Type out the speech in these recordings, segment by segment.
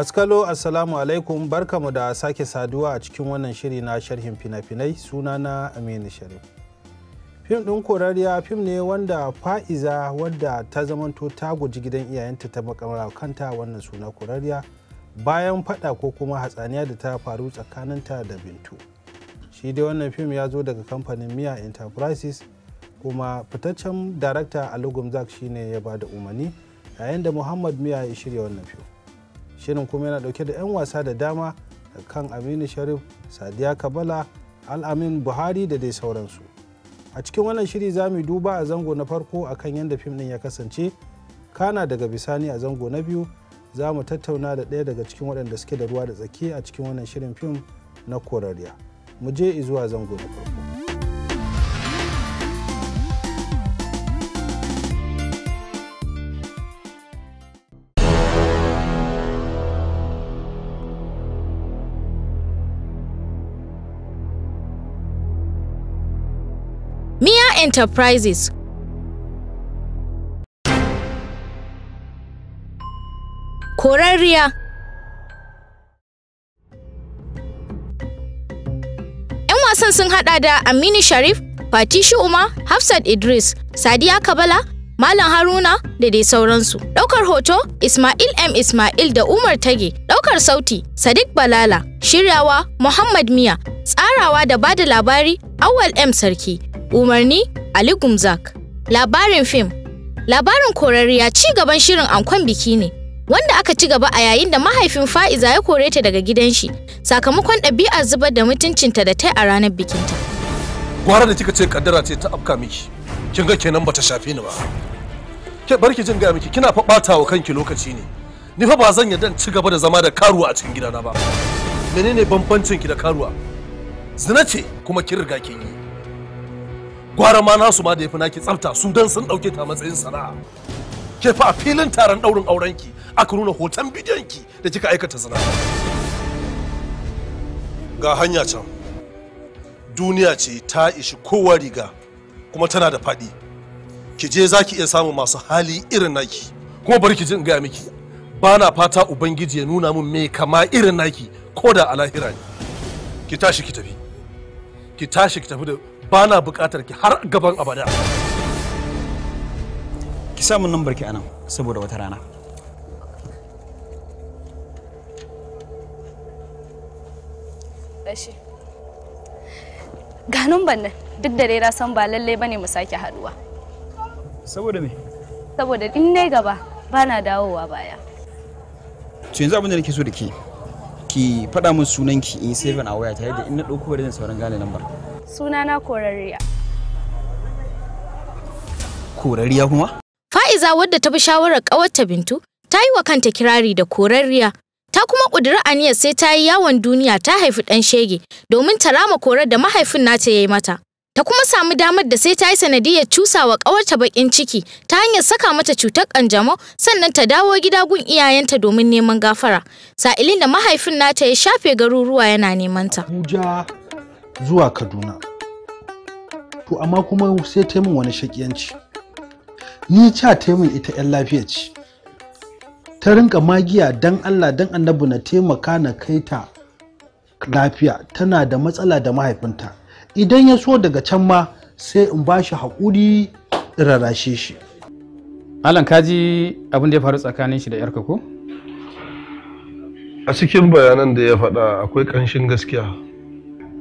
masu assalamu alaikum barkamu da sake saduwa a cikin wannan shiri na sharhin fina-finai suna na aminu sharif fim ɗin korariya fim ne wanda fa'iza wadda ta zamanto ta guji gidan iyayenta ta makamara kanta wannan suna korariya bayan fada ko kuma hatsaniya da ta faru tsakaninta da bintu shi dai wannan fim ya zo daga kamfanin miya enterprises kuma fitaccen darakta alugum zak shine ya ba da umarni yayin da muhammad miya ya shirya wannan fim shirin kuma yana dauke da 'yan wasa da dama kan aminu sharif sadiya kabala al'amin buhari da dai sauransu a cikin wannan shiri za mu duba a zango na farko a kan yadda fim din ya kasance kana daga bisani a zango na biyu za mu tattauna da ɗaya daga cikin waɗanda suke da ruwa da tsaki a cikin wannan shirin fim na korariya mu je zuwa zango na farko Enterprises. Korarriya ‘Yan wasan sun haɗa da Aminu Sharif, Fatishu Umar, Hafsat Idris, Sadiya Kabala, Malam Haruna da dai sauransu. Ɗaukar hoto Ismail M. Ismail da Umar Tage. Ɗaukar sauti Sadiq Balala. Shiryawa Muhammad Miya. Tsarawa da bada labari Awal M. Sarki. Umarni Ali Gumzak. Labarin fim Labarin korariya ci gaban shirin ankon biki ne, wanda aka ci gaba a yayin da mahaifin Fa'iza ya kore ta daga gidan shi sakamakon ɗabi'ar zubar da mutuncinta da ta a ranar bikinta. Gwara da kika ce kaddara ce ta afka miki, kin ga kenan ba ta shafe ni ba. Ke barki jin gaya miki kina fa ɓata wa kanki lokaci ne. Ni fa ba zan yarda ci gaba da zama da karuwa a cikin gidana ba. Menene bambancin ki da karuwa? Zina ce kuma kin riga kin yi. gwara ma nasu ma da yafi naki tsafta su dan sun dauke ta matsayin sana'a ke fa a filin taron daurin aurenki aka nuna hoton bidiyon ki da kika aikata zina ga hanya can duniya ce ta ishi kowa riga kuma tana da faɗi ki je zaki iya samun masu hali irin naki kuma bari ki ji in gaya miki ba na fata ubangiji ya nuna min me kama irin naki ko da a lahira ne ki tashi ki tafi ki tashi ki tafi da Bana buƙatar ki har gaban abada ki samu nambar ki anan saboda wata rana ƙashi ga numban nan duk da rera san ba lallai bane mu sake haduwa saboda me saboda in ne gaba bana dawowa baya to yanzu abin da nake so da ke ki faɗa min sunanki in seven a waya ta yadda in na ɗauko da zan sauran gane lambar sunana korariya korariya kuma fa'iza wadda ta bi shawarar ƙawarta bintu ta yi wa kanta kirari da korariya ta kuma ƙudiri aniyar sai ta yi yawon duniya ta haifi ɗan shege domin ta rama korar da mahaifin nata ya yi mata ta kuma samu damar da sai ta yi sanadiyar wa ƙawarta baƙin ciki ta hanyar saka mata cutar ƙanjamau sannan ta dawo gida gun iyayenta domin neman gafara sa'ilin da mahaifin nata ya shafe garuruwa yana neman ta. zuwa kaduna to amma kuma sai ta min wani shakiyanci ni ca ta min ita 'yan lafiya ce ta rinka magiya don allah don annabu na taimaka na kai ta lafiya tana da matsala da mahaifinta idan ya so daga can ma sai in ba shi haƙuri rarrashe shi alan kaji abin da ya faru tsakanin shi da yarka ko a cikin bayanan da ya faɗa akwai ƙanshin gaskiya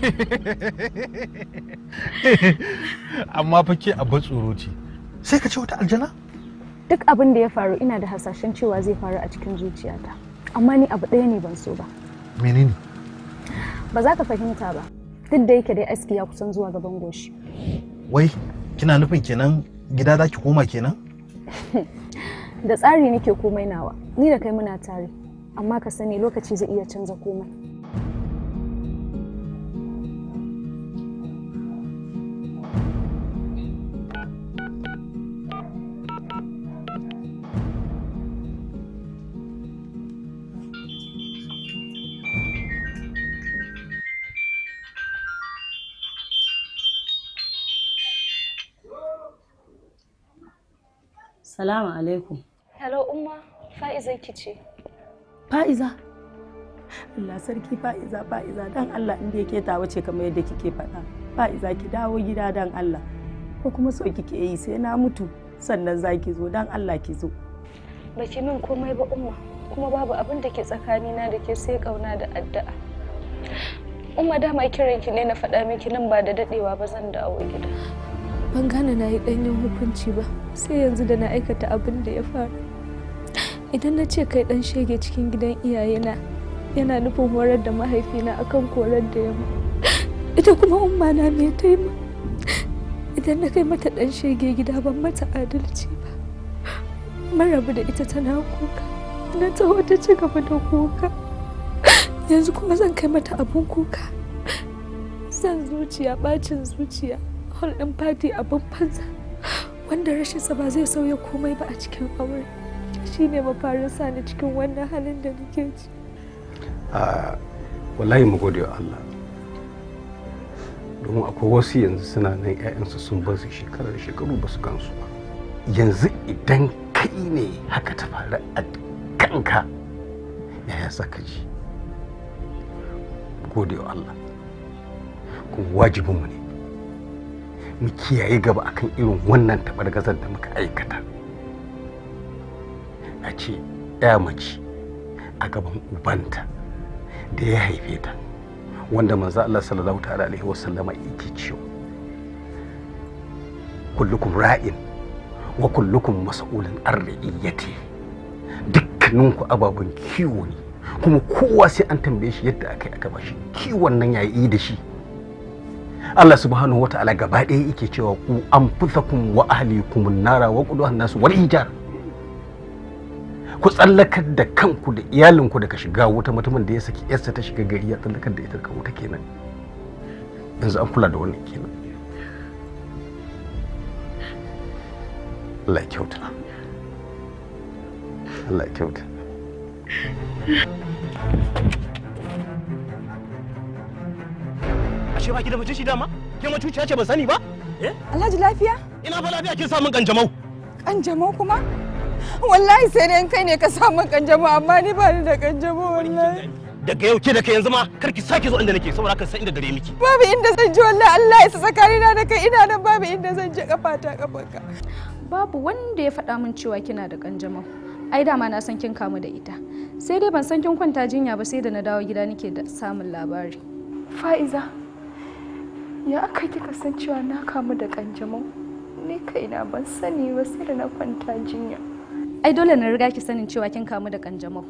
amma fa ke tsoro ce sai ka ce wata aljana duk abin da ya faru ina da hasashen cewa zai faru a cikin zuciyata amma ni abu ɗaya ne ban so ba menene ba za ka fahimta ba duk da yake dai aski ya kusan zuwa gaban goshi wai kina nufin kenan gida za koma kenan da tsari nake komai nawa ni da kai muna tare amma ka sani lokaci zai iya canza komai Salamu alaikum. Hello Umma, Fa'iza kice. Fa'iza? Allah sarki Fa'iza Fa'iza dan Allah inda yake ta wace kamar yadda kike faɗa. Fa'iza ki dawo gida dan Allah. Ko kuma so kike yi sai na mutu sannan za ki zo dan Allah ki zo. Ba ki min komai ba Umma, kuma babu abin da ke tsakanina da ke sai kauna da addu'a. Umma dama kiran ki ne na faɗa miki nan ba da daɗewa ba zan dawo gida. ban gane na yi ɗanyen hukunci ba sai yanzu da na aikata abin da ya faru idan na ce kai ɗan shege cikin gidan iyayena yana nufin horar da mahaifina akan korar da yamma ita kuma umma na me ta yi idan na kai mata ɗan shege gida ban mata adalci ba marabu da ita tana kuka na taho ta ci gaba da kuka yanzu kuma zan kai mata abun kuka zan zuciya bacin zuciya hall ɗin fadi abin fansa wanda rashinsa ba zai sauya komai ba a cikin aure shi ne mafarin sa ni cikin wannan halin da nake ci wallahi mu gode wa Allah domin akwai wasu yanzu suna nan 'ya'yansu sun bar su shekarar shekaru ba su gansu ba yanzu idan kai ne haka ta faru a kanka yaya za ka ji gode wa Allah kuma wajibinmu ne mu kiyaye gaba akan irin wannan gazar da muka aikata a ce ya mace a gaban ubanta da ya haife ta wanda manzo Allah sallallahu ta'ala alaihi wasallama yake cewa kullukum ra'in wa kullukum mas'ulun an dukkaninku ababen kiwo ne kuma kowa sai an tambaye shi yadda aka yi aka bashi kiwon nan yayi da shi Allah subhanahu wata'ala gaba ɗaya yake cewa ku kun wa kumun nara wa quduhan nasu wani hijar ku tsallakar da kanku da iyalinku daga shiga wata mutumin da ya saki yarsa ta shiga gari ya tsallakar da ita daga wuta kenan yanzu an kula da wannan kenan Allah ya kyauta Allah ya kyauta ashe ba ki da mace shi dama? Ke cuciya ce ba sani ba? Eh? Alhaji lafiya? Ina ba lafiya kin samun kanjamau. Kanjamau kuma? Wallahi sai dai kai ne ka samu kanjamau amma ni ba ni da kanjamau wallahi. Daga yau ke da kai yanzu ma kar ki sake zo inda nake saboda kan san inda gare miki. Babu inda zan je wallahi Allah ya tsakani na da kai ina nan babu inda zan je kafata kafanka. Babu wanda ya faɗa min cewa kina da kanjamau. ai dama na san kin kamu da ita sai dai ban san kin kwanta jinya ba sai da na dawo gida nake da samun labari fa'iza ya aka kika san cewa na kamu da kanjamau ni kaina ban sani ba sai da na kwanta jinya ai dole na riga ki sanin cewa kin kamu da kanjamau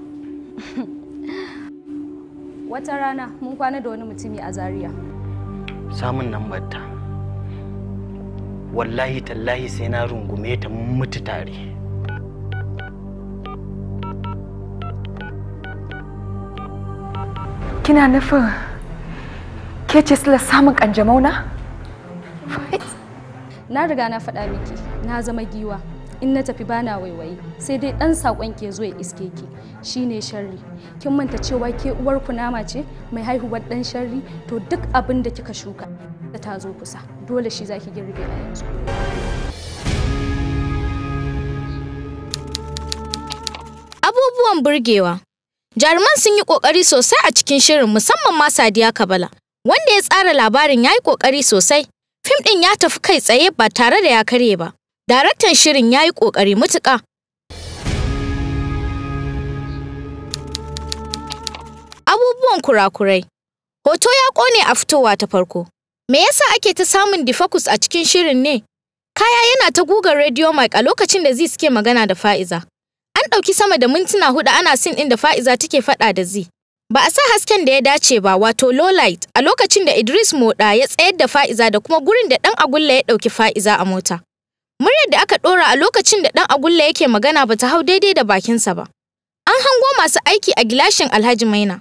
wata rana mun kwana da wani mutumi a Zariya. samun nan batta wallahi tallahi sai na rungume ta mun mutu tare kina nufin ke ce sila samun kanjamau na? na riga na faɗa miki na zama giwa in na tafi bana waiwaye sai dai ɗan saƙon ke zo ya iske ki shine sharri kin manta cewa ke uwar kunama ce mai haihuwar ɗan sharri to duk abin da kika shuka da ta zo kusa dole shi zaki girbe a yanzu abubuwan burgewa jaruman sun yi ƙoƙari sosai a cikin shirin musamman ma sadiya kabala Wanda ya tsara labarin ya yi ƙoƙari sosai, fim ɗin ya tafi kai tsaye ba tare da ya karye ba. Daraktan shirin ya yi ƙoƙari mutuƙa. Abubuwan kurakurai. Hoto ya ƙone a fitowa ta farko. Me yasa ake ta samun difakus a cikin shirin ne? Kaya yana ta gugar Radio Mike a lokacin da Zai suke magana da Fa'iza. An ɗauki sama da mintuna huɗu ana sin ɗin da Fa'iza take faɗa da Zai. Ba a sa hasken da ya dace ba wato low a lokacin da Idris Moda ya tsayar da Fa'iza da kuma gurin da ɗan agulla ya ɗauki Fa'iza a mota. Muryar da aka ɗora a lokacin da ɗan agulla yake magana bata hau daidai da bakinsa ba. An hango masu aiki a gilashin Alhaji Maina.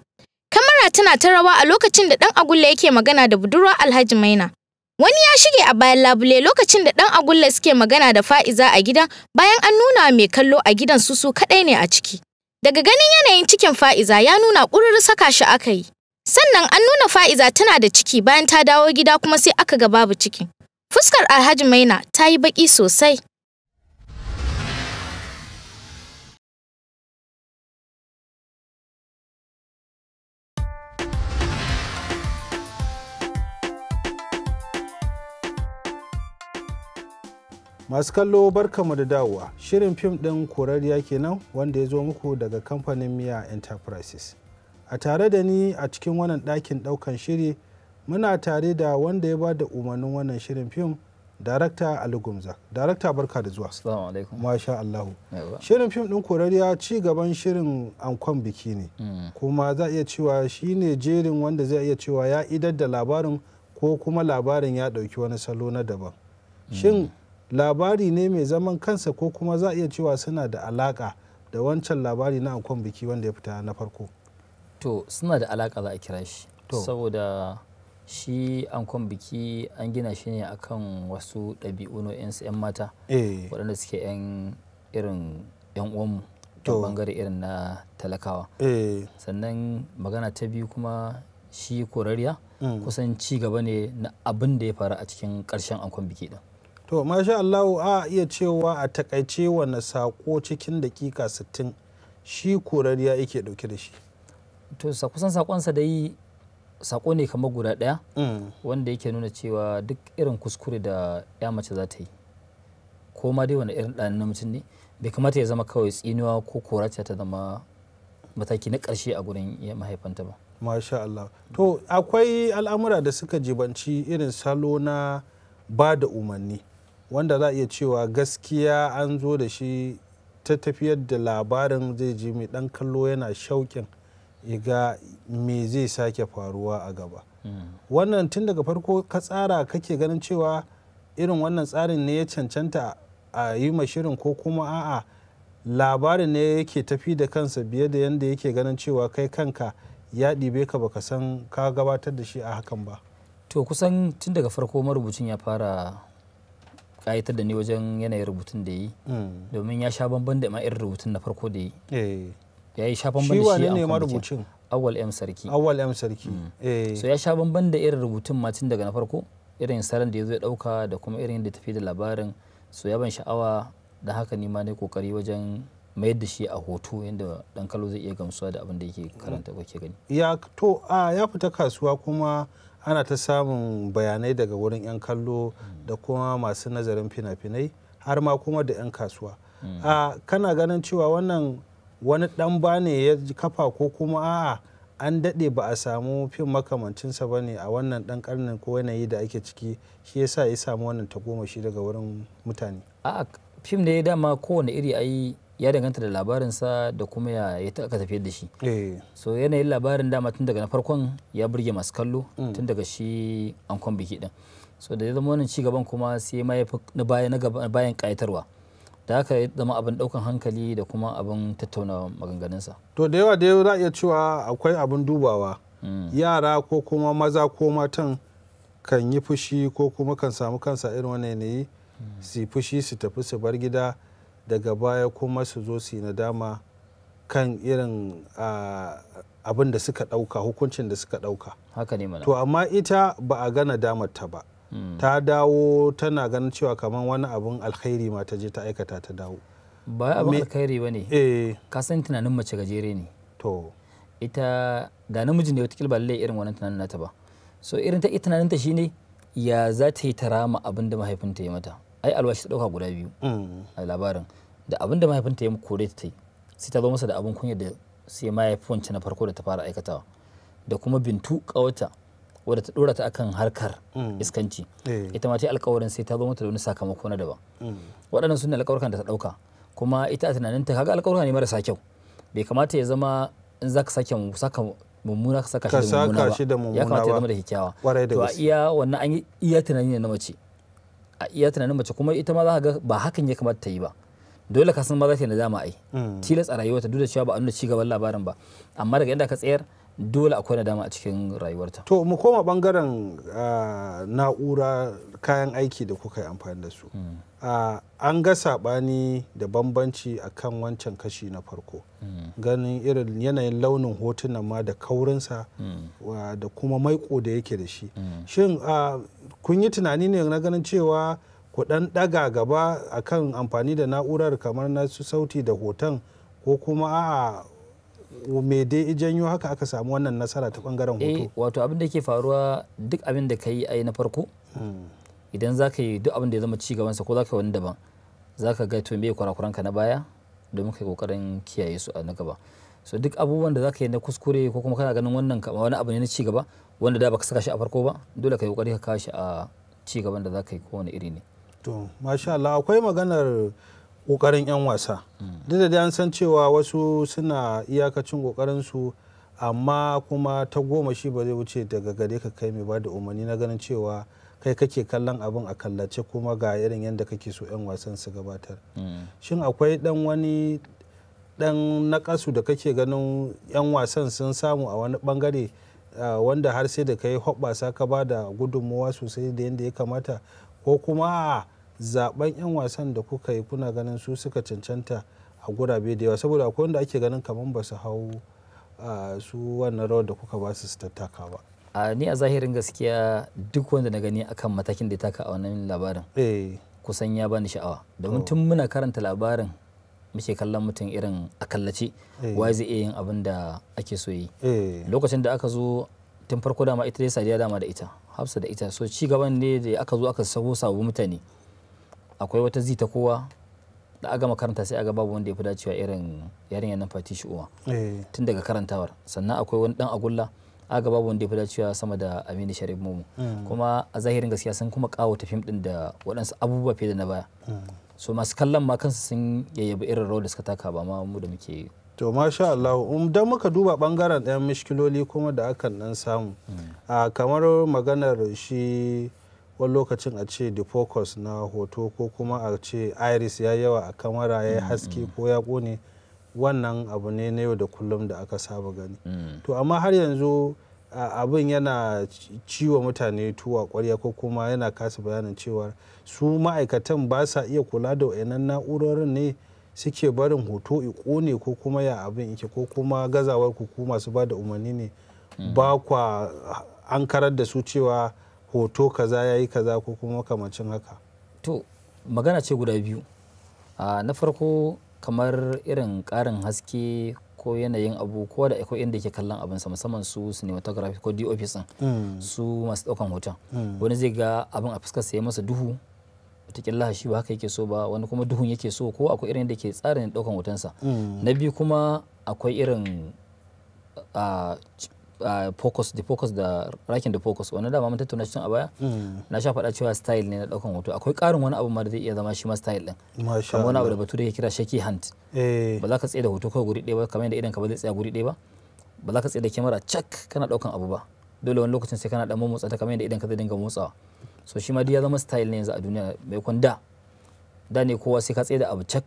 Kamara tana ta rawa a lokacin da ɗan agulla yake magana da budurwa Alhaji Maina. Wani ya shige a bayan labule lokacin da ɗan agulla suke magana da Fa'iza a gidan bayan an nuna mai kallo a gidan su su kaɗai ne a ciki. Daga ganin yanayin cikin Fa'iza ya nuna ƙurur saka shi aka yi. Sannan an nuna Fa'iza tana da ciki bayan ta dawo gida kuma sai aka ga babu ciki. Fuskar Alhaji Maina ta yi baƙi sosai. masu kallo barkamu da dawowa shirin fim ɗin korariya kenan wanda ya zo muku daga kamfanin miya enterprises a tare da ni a cikin wannan ɗakin ɗaukan shiri muna tare da wanda ya ba da umarnin wannan shirin fim darakta Ali Gumza. Darakta barka da zuwa. Masha Allahu. Shirin fim din Korariya ci gaban shirin ankon biki ne. Hmm. Kuma za iya cewa shine jerin wanda zai iya cewa ya idar da labarin ko kuma labarin ya dauki wani salo na daban. Hmm. Shin labari ne mai zaman kansa ko kuma za a iya cewa suna da alaka da wancan labari na ankon biki wanda ya fita na farko to suna da alaka za a kira shi saboda shi ankon biki an gina shi ne akan wasu ɗabi'u na 'yan mata eh. waɗanda suke 'yan irin 'yan uwanmu ta bangare irin na talakawa eh. sannan magana ta biyu kuma shi korariya mm. kusan ci gaba ne na abin da ya faru a cikin ƙarshen ankon biki ɗin to masha Allahu a iya cewa a takaice wanne sako cikin dakika 60 shi ya yake dauke da shi to kusan saƙonsa da yi saƙo ne kamar guda ɗaya mm. wanda yake nuna cewa duk irin kuskure da ya mace za ta yi ko ma dai wani irin ɗan mutum ne bai kamata ya zama kawai tsinuwa ko korace ta zama mataki na ƙarshe a gurin mahaifanta ba masha Allah to akwai al'amura da suka jibanci irin salo na ba da umarni wanda za a iya cewa gaskiya an zo da shi ta tafiyar da labarin zai ji mai dan kallo yana shauƙin iga me zai sake faruwa a gaba hmm. wannan tun daga farko ka tsara kake ganin cewa irin wannan tsarin ne ya cancanta a yi mashirin ko kuma a'a labarin ne yake tafi da kansa biye da yadda yake ganin cewa kai kanka ya ɗibe ka baka san ka gabatar da shi a hakan ba to kusan tun daga farko marubucin ya fara kayatar da ni wajen yanayin rubutun da yi hmm. domin ya sha bamban da ma irin rubutun na farko da yi eh. ya yi sha bamban da shi ne ma rubucin awwal m sarki awwal m sarki hmm. eh. so ya sha bamban da irin rubutun tun daga na farko irin salon da ya zo ya dauka da kuma irin da tafi da labarin so ya ban sha'awa da haka ni ma ne kokari wajen mayar da shi a hoto yadda dan kallo zai iya gamsuwa da abin da yake karanta ko ke gani ya to a ya fita kasuwa kuma ana ta samun bayanai daga wurin 'yan kallo da kuma masu nazarin fina-finai har ma kuma da 'yan kasuwa hmm. a kana ganin cewa wannan wani dan ba ne ya kafa ko kuma a'a an daɗe ba a samu fim makamancinsa ba ne a wannan ɗan karnin ko yanayi da ake ciki shi ya yasa ya samu wannan shi daga wurin mutane a fim da ya dama kowane iri ayi ya danganta da labarinsa da kuma ya ya aka tafiyar da shi eh. so yanayin labarin dama tun daga na farkon ya burge masu kallo mm. tun daga shi ankon biki din so da ya zama wannan ci gaban kuma sai ma ya fi na bayan kayatarwa da haka ya zama abin daukan hankali da kuma abin tattauna maganganunsa to da yawa da yawa za iya cewa akwai abin dubawa mm. yara ko kuma maza ko matan kan yi fushi ko kuma kan samu kansa irin wannan yanayi mm. su fushi su tafi su bar gida daga baya kuma su zo su yi nadama kan irin abin da suka dauka hukuncin da suka dauka. haka ne mana to amma ita ba a gana damar ta ba hmm. ta dawo tana ganin cewa kamar wani abin alkhairi ma ta je ta aikata ta dawo ba abin alkhairi ba ne eh. ka san tunanin mace gajere ne to ita da namijin da wata ba lallai irin wannan tunanin nata ba so irin ta tunanin ta shine ya za ta yi ta rama abin da mahaifinta ya mata ai alwashi ta dauka guda biyu mm. a labarin da abin da mahaifinta ya kore ta yi sai ta zo masa da abin kunya da sai mahaifi wancan na farko da ta fara aikatawa da kuma bintu kawata wadda ta dora ta akan harkar mm. iskanci eh. ita ma ta yi alkawarin sai ta zo mata da wani sakamako na daban mm. waɗannan sun ne alkawarkan da ta dauka kuma ita a tunanin ta kaga alkawarin ne marasa kyau bai kamata ya zama in za ka sake saka mummuna ka saka shi da mummuna ba ya kamata ya zama da kyakkyawa to a iya wannan an yi iya tunani ne na mace a iya tunanin mace kuma ita ma za ka ga ba hakan ya kamata ta yi ba dole ka san ma za ta yi nadama ai mm. tilas a rayuwarta duk da cewa ba a nuna ci gaban labarin ba amma daga inda ka tsayar dole akwai nadama a cikin rayuwarta to mu koma bangaren ah, na'ura kayan aiki da kuka yi amfani da su mm. ah, an ga saɓani da bambanci a kan wancan kashi na farko mm. ganin irin yanayin launin hotunan ma da kaurinsa mm. da kuma maiƙo da yake da shi shin ah, kun yi tunani ne na ganin cewa ku ɗan ɗaga gaba akan amfani da na'urar kamar na su sauti da hoton ko kuma a. me dai janyo haka aka samu wannan nasara ta bangaren eh, hoto wato abin da ke faruwa duk abin da ka yi ai na farko hmm. idan za ka yi duk abin da ya zama ci gabansa ko za ka yi wani daban za ka ga to me kurakuran ka na baya domin ka yi kokarin kiyaye su a na gaba so duk abubuwan da za ka yi na kuskure ko kuma kana ganin wannan kama wani abu ne na ci gaba wanda da baka saka shi a farko ba dole ka yi kokari ka kawo a ci gaban da za ka yi kowane iri ne to masha Allah akwai maganar kokarin 'yan wasa duk da an san cewa wasu suna iyakacin kokarinsu amma kuma ta goma shi ba zai wuce daga gare ka kai mai ba da umarni na ganin cewa kai kake kallon abin a kallace kuma ga irin yadda kake so 'yan wasan su gabatar mm. shin akwai dan wani dan nakasu da kake ganin 'yan wasan sun samu a wani bangare wanda har sai da kai hoɓɓasa ka ba da gudunmuwa sosai da yadda ya kamata ko kuma zaben 'yan wasan da kuka yi kuna ganin su suka cancanta a gurabe da yawa saboda akwai wanda ake ganin kamar ba su hau su wannan rawar da kuka ba su su tattaka ba a ni a zahirin gaskiya duk wanda na gani akan matakin da ya taka a wannan labarin eh. kusan ya bani sha'awa domin tun muna karanta labarin muke kallon mutum irin a kallace eh. wai zai iya yin abin da ake so yi eh. lokacin da aka zo tun farko dama ita dai sadiya dama da ita hafsa da ita so ci gaban ne da aka zo aka sabo sabo mutane akwai wata zita kowa da aga makaranta sai aga babu wanda ya fi dacewa irin yarinya nan fati shi uwa eh. tun daga karantawar sannan akwai wani dan agulla aga babu wanda ya fi dacewa sama da aminu sharif momo hmm. kuma a zahirin gaskiya sun kuma kawo ta fim din da waɗansu abubuwa fiye da na baya hmm. so masu kallon ma kansu sun yayyabi irin rawar da suka taka ba ma mu da muke to masha Allah um, dan muka duba bangaren ɗayan mishkiloli kuma da akan nan samu hmm. ah, kamar maganar shi wani lokacin a ce focus na hoto ko kuma a ce iris ya yawa a kamara ya yi mm, haske mm. ko ya kone wannan abu ne na yau da kullum da aka saba gani mm. to amma har yanzu abin yana ciwo mutane tuwa kwarya ko kuma yana kasa bayanin cewa su ma'aikatan ba sa iya kula da wayannan na'urorin ne suke barin hoto ya kone ko kuma ya abin yake ko kuma gazawar ku masu ba da umarni ne ba kwa an karar da su cewa hoto kaza ya yi kaza ko kuma makamacin haka to magana ce guda biyu na farko kamar irin karin haske ko yanayin abu ko da ko inda yake kallon abinsa musamman su cinematography ko DOP din mm. su masu daukan hoton mm. wani zai ga abin a fuskar sa ya masa duhu wataƙila shi ba haka yake so ba wani kuma duhun yake so ko akwai irin da ke tsarin daukan hotonsa mm. na biyu kuma akwai irin Uh, focus the focus da writing the focus wannan dama mun tattauna cikin a baya hmm. na sha faɗa cewa style ne na ɗaukan hoto akwai ƙarin wani abu ma da zai iya zama shi ma style din kamar wani abu da da ya kira shaky hand eh. ba za ka tsaye da hoto kawai guri ɗaya ba kamar yadda idan ka ba zai tsaya guri ɗaya ba ba za ka tsaye da kyamara check kana ɗaukan abu ba dole wani lokacin sai kana ɗan motsa ta kamar yadda idan ka zai dinga motsawa so shi ma duk ya zama style ne yanzu a duniya mai da da ne kowa sai ka tsaye da abu check.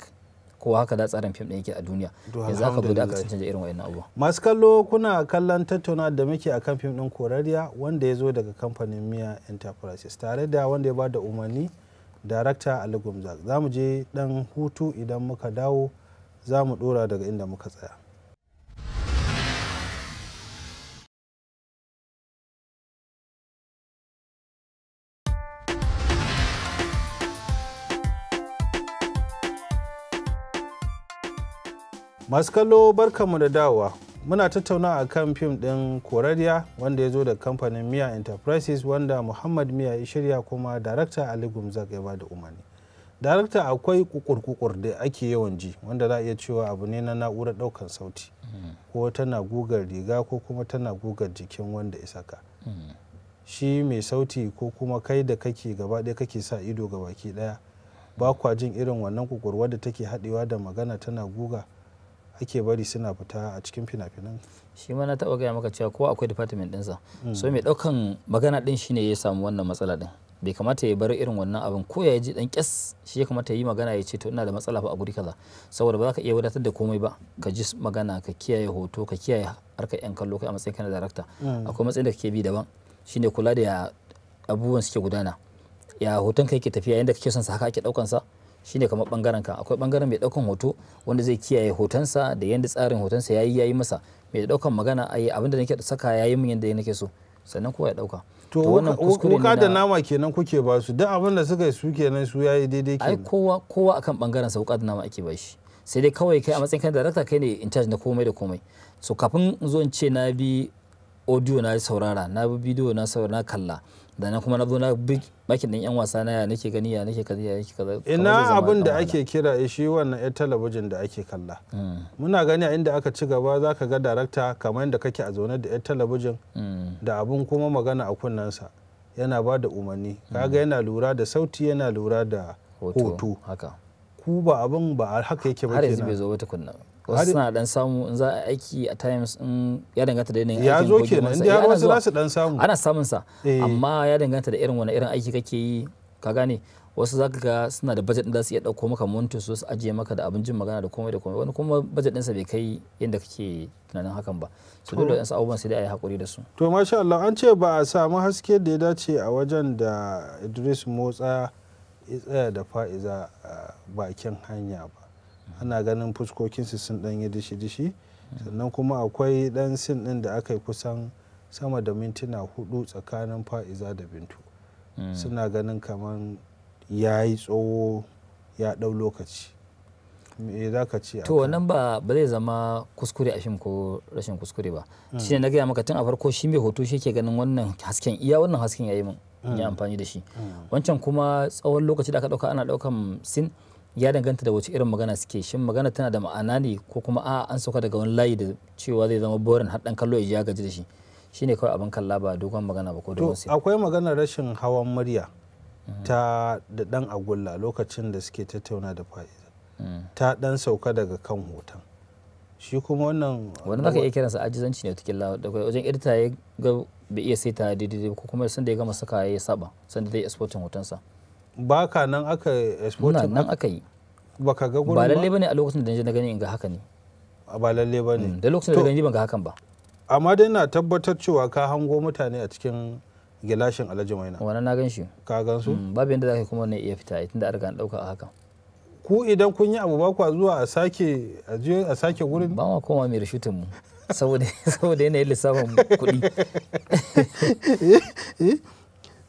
ko haka da tsarin fim ɗin yake a duniya ya za ka bude aka cancanta irin wayannan abubuwa masu kallo kuna kallon tattauna da muke a kan fim ɗin korariya wanda ya zo daga kamfanin miya enterprises tare da wanda ya ba da umarni darakta ali gumzak za mu je dan hutu idan muka dawo za mu dora daga inda muka tsaya masu kallo barkanmu da dawowa muna tattauna a kan fim ɗin korariya wanda ya zo da kamfanin miya enterprises wanda muhammad miya ya shirya kuma darakta ali gumzak ya ba da umarni darakta akwai kukur-kukur da ake yawan ji wanda za a iya cewa abu ne na na'urar ɗaukar sauti ko tana gugar riga ko kuma tana gugar jikin wanda ya saka shi mai sauti ko kuma kai da kake gaba ɗaya kake sa ido ga baki ɗaya ba kwa jin irin wannan kukur wadda take haɗewa da magana tana guga ake bari suna fita a cikin fina-finan shi ma na taɓa gaya maka cewa kowa akwai department ɗinsa mm. so mai ɗaukan magana ɗin shine ya samu wannan matsala ɗin bai kamata ya bar irin wannan abin ko ya ji dan kyas shi ya kamata yi magana ya ce to ina da matsala fa a guri kaza saboda ba za ka iya wadatar da komai ba ka ji magana ka kiyaye hoto ka kiyaye harkar yan kallo kai a matsayin kana darakta mm. akwai matsayin da kake bi daban shine kula da abubuwan suke gudana ya hoton kai ke tafiya yadda kake son sa haka ake daukan sa shine kamar bangaren ka akwai bangaren mai daukan hoto wanda zai kiyaye hotonsa da yanda tsarin hotonsa yayi yayi masa mai daukan magana ayi abinda nake saka yayi min yanda nake so sannan kowa ya dauka to wannan kuskure wuka da nama kenan kuke ba su duk abin da suka su kenan su yayi daidai kenan ai kowa kowa akan bangaren sa wuka da nama ake ba shi sai dai kawai kai a matsayin kan director kai ne in charge na komai da komai so kafin in zo in ce na bi audio na saurara na bi bidiyo na saurara na kalla da na kuma na zo na bi bakin din yan wasa na ya nake gani ya nake kaza ya nake kaza ina abin da ake kira shi wannan yar talabijin da ake kalla hmm. muna gani a inda aka ci gaba ka ga darakta kamar yadda kake a zaune da yar talabijin hmm. da abun kuma magana a sa yana ba da umarni kaga hmm. yana lura da sauti yana lura da hoto ku ba abin ba haka yake ba kenan har yanzu bai zo ba tukunna wasu suna dan samu in za a aiki a times in ya danganta da yanayin aikin ya zo kenan inda ya wasu za su dan samu ana samun sa eh. amma ya danganta da irin wani irin aiki kake yi ka gane wasu zaka ga suna da budget din da su iya dauko maka monto su su ajiye maka da abincin magana da komai da komai wani kuma budget din sa bai kai yadda kake tunanin hakan ba su dole yan abubuwan sai dai ayi hakuri da su to masha Allah an ce ba a samu haske da ya dace a wajen da Idris Motsa ya tsaya da fa'iza bakin hanya ba ana ganin fuskokinsu sun ɗan yi dishi-dishi sannan kuma akwai ɗan sin ɗin da aka yi kusan sama da mintuna hudu tsakanin fa'iza da bintu hmm. suna ganin kamar ya yi tsoho ya ɗau lokaci me za ka ce to wannan ba ba zai zama kuskure a fim ko rashin kuskure ba hmm. shi ne na gaya maka tun a farko shi mai hoto shi ke ganin wannan hasken iya wannan hasken ya yi min ya hmm. amfani da shi wancan kuma tsawon lokaci da aka dauka ana daukan sin ya danganta da wace irin magana suke shin magana tana da ma'ana ne ko kuma a an sauka daga wani layi da cewa zai zama borin har dan kallo ya gaji da shi shine kawai abin kalla ba dogon magana ba ko dogon sai akwai magana rashin hawan murya mhm. ta da dan agulla lokacin da suke tattauna da fa'iza hmm. ta dan sauka daga kan hoton shi kuma wannan wani zaka iya kiransa ajizanci ne tukilla da kai wajen edita ya ga bai iya saita daidai ko kuma sun da ya gama saka ya saba sanda zai hoton hotonsa ba ka nan aka exporting na nan aka yi ba ka ga gurin ba lalle bane a lokacin da na je na gani in ga haka ne ba lalle bane hmm, da lokacin da gani ban ga hakan ba amma dai na tabbatar cewa ka hango mutane a cikin gilashin alhaji maina wani na gan shi ka gan su hmm, babu yadda zaka kuma ne iya fita tunda da arga an dauka a hakan ku idan kun yi abu ba ku zuwa a sake a je a sake gurin ba ma koma mai rashutun mu saboda saboda yanayin lissafin kuɗi eh, eh.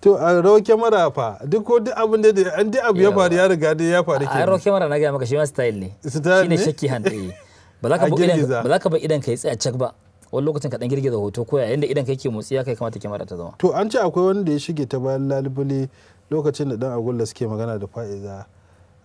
to a rawar kyamara fa duk ko duk abin da an duk abu ya faru ya riga dai ya faru ke a rawar kyamara na gaya maka shi ma style ne style ne shakki dai eh. ba za ka bu idan ba za ka ba idan kai tsaya cak ba wani lokacin ka dan girgiza hoto ko ya yanda idan kai ke motsi ya kai kamata kyamara ta zama to an ce akwai wanda ya shige ta bayan lalibule lokacin da dan agulla suke magana da fa'iza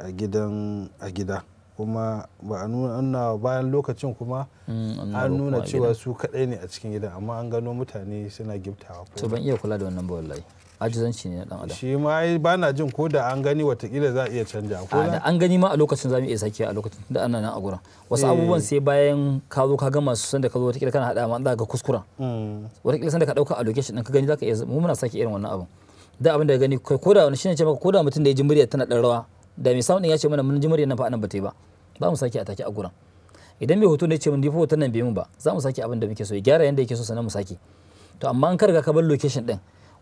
a gidan a gida kuma ba a nuna bayan lokacin kuma mm, an nuna cewa su kadai ne a cikin gidan amma an gano mutane suna giftawa to ban iya kula da wannan ba wallahi ajizanci ne na dan adam shi ma ai ba na jin ko da an gani watakila za a iya canja ko da an gani ma a lokacin za mu iya sake a lokacin da ana nan a gurin wasu eh. abubuwan sai bayan ka zo ka gama su hmm. sanda ka zo watakila kana hada ma za ka kuskura watakila sanda ka dauka a location din ka gani za ka iya mu muna sake irin wannan abin da abin da gani ko da wani shine ce maka ko da mutum da ya ji murya tana dan rawa da mai sound din ya ce mana mun ji murya nan fa anan ba ta yi ba ba mu sake a take a gurin idan mai hoto ne ce mun difo hoton nan bai mu ba za mu sake abin da muke so ya gyara yanda yake so sannan mu sake to amma an karga ka bar location din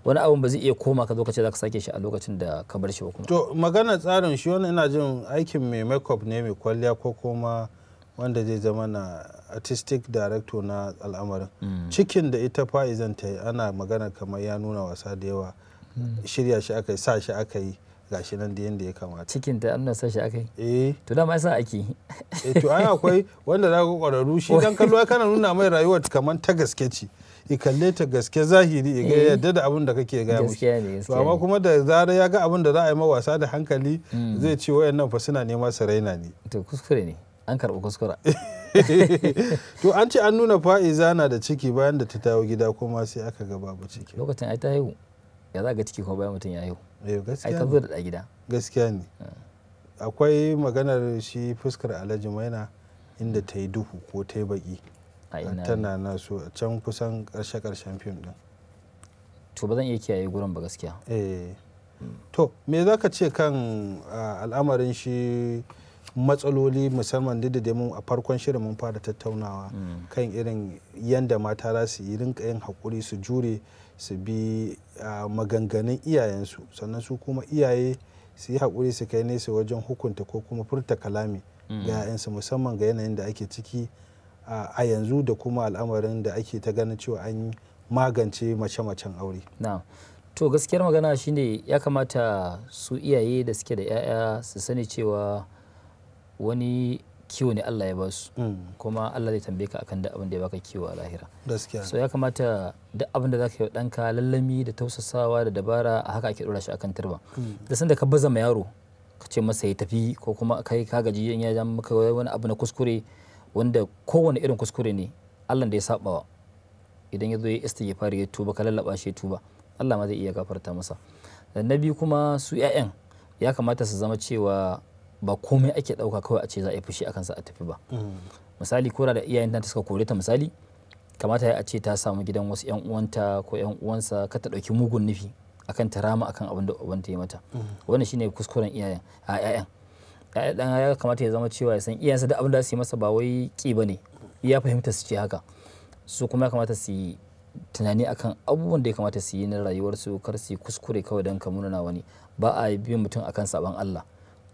wani abun ba zai iya koma ka zo ka ce za ka sake shi a lokacin da ka bar shi ba kuma. To magana tsarin shi wani ina jin aikin mai makeup ne mai kwalliya ko kuma wanda zai zama na artistic director na al'amarin. Mm. Cikin da ita fa'izan ta yi ana magana kamar ya nuna wasa da yawa mm. shirya shi aka yi sa shi aka yi. gashi nan da yadda ya kamata cikin ta annan sashi akai eh to dama yasa ake eh to ai akwai wanda za ku kwararru shi dan kallo kana nuna mai rayuwar kamar ta gaske ce i kalle ta gaske zahiri i ga eh. yadda da abin da kake ga mushi to amma kuma da zara ya ga abin da za a yi ma wasa da hankali mm. zai ce wayannan fa suna nema su raina ne to kuskure ne an karɓi kuskura to an ce an nuna fa'iza na da ciki bayan da ta dawo gida kuma sai aka ga babu ciki lokacin ai ta haihu ya za ga ciki kuma bayan mutum ya haihu Eh, ai kan da gida gaskiya ne ah. akwai maganar shi fuskar alhaji maina inda ta yi duhu ko ta yi baki tana na so can kusan karshe karshen fim din to ba zan iya kiyaye gurin ba gaskiya eh hmm. to me za ka ce kan al'amarin shi matsaloli musamman da da mun a farkon shirin mun fara tattaunawa hmm. kan irin yanda mata za su yi rinka yin haƙuri su jure su bi maganganun iyayensu sannan su kuma iyaye su yi haƙuri su kai nesa wajen hukunta ko kuma furta kalami mm. ga 'ya'yansu musamman ga yanayin da ake ciki a yanzu da kuma al'amarin da ake ta ganin cewa an magance mace-macen aure. to gaskiyar magana shine ya kamata su iyaye da suke da 'ya'ya su sani cewa wani kiwo ne Allah ya ba su mm. kuma Allah zai tambaye ka akan duk abin da ya baka kiwo a lahira so ya kamata duk abin da zaka yi danka lallami da tausasawa da dabara a haka ake dora shi akan turba mm. da sanda ka baza ma yaro ka ce masa ya tafi ko kuma kai ka gaji in ya zama maka wani abu na kuskure wanda kowane irin kuskure ne Allah da ya sabawa idan ya zo ya istighfar ya tuba ka lallaba shi ya tuba Allah ma zai iya gafarta masa na biyu kuma su 'ya'yan ya kamata su zama cewa ba komai ake ɗauka kawai a ce za a yi fushi a kansa a tafi ba misali kura da iyayen ta suka kore ta misali kamata ya a ce ta samu gidan wasu yan uwanta ko yan uwansa ka ta ɗauki mugun nufi akan ta rama akan abin da uban ta yi mata wannan shine kuskuren iyayen a yayan dan ya kamata ya zama cewa ya san iyayensa da abin da su yi masa ba wai ki bane ya fahimta su ce haka su kuma ya kamata su yi tunani akan abubuwan da ya kamata su yi na rayuwarsu kar su kuskure kawai don ka munana wani ba a bin mutum akan saban Allah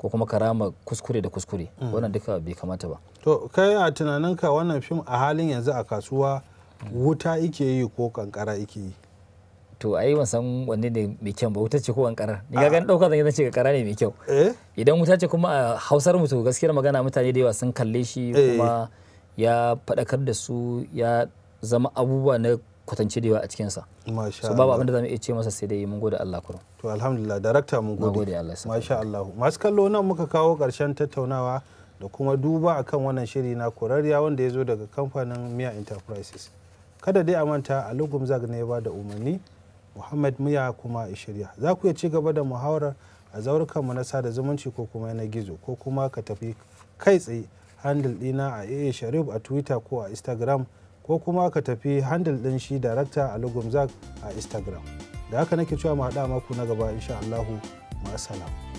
ko kuma karama kuskure da kuskure mm. wannan duka bai kamata ba to kai a tunaninka wannan fim a halin yanzu a kasuwa wuta ike yi ko kankara ike yi to ai ban san wanne ne mai kyau ba wuta ce ko kankara ni ga gan dauka zan ce kankara ne mai kyau eh? idan wuta ce kuma a hausar mu to gaskiyar magana mutane da yawa sun kalle shi eh. kuma ya fadakar da su ya zama abubuwa na kwatance da yawa a cikinsa so babu abinda zamu iya ce masa sai dai mun gode Allah kurum to alhamdulillah darakta mun gode masha Allah masu kallo nan muka kawo karshen tattaunawa da kuma duba akan wannan shiri na kurariya wanda ya zo daga kamfanin Mia Enterprises kada dai a manta a lugum zag ne ba da umarni Muhammad Miya kuma shirya za ku iya ci gaba da muhawarar a zaurukan mu na sada zumunci ko kuma na gizo ko kuma ka tafi kai tsaye handle dina a AA Sharif a Twitter ko a Instagram ko kuma ka tafi handle ɗin shi darakta a lugumzak a Instagram. Da haka nake cewa mu haɗa maku na gaba insha Allahu. Ma'asalam.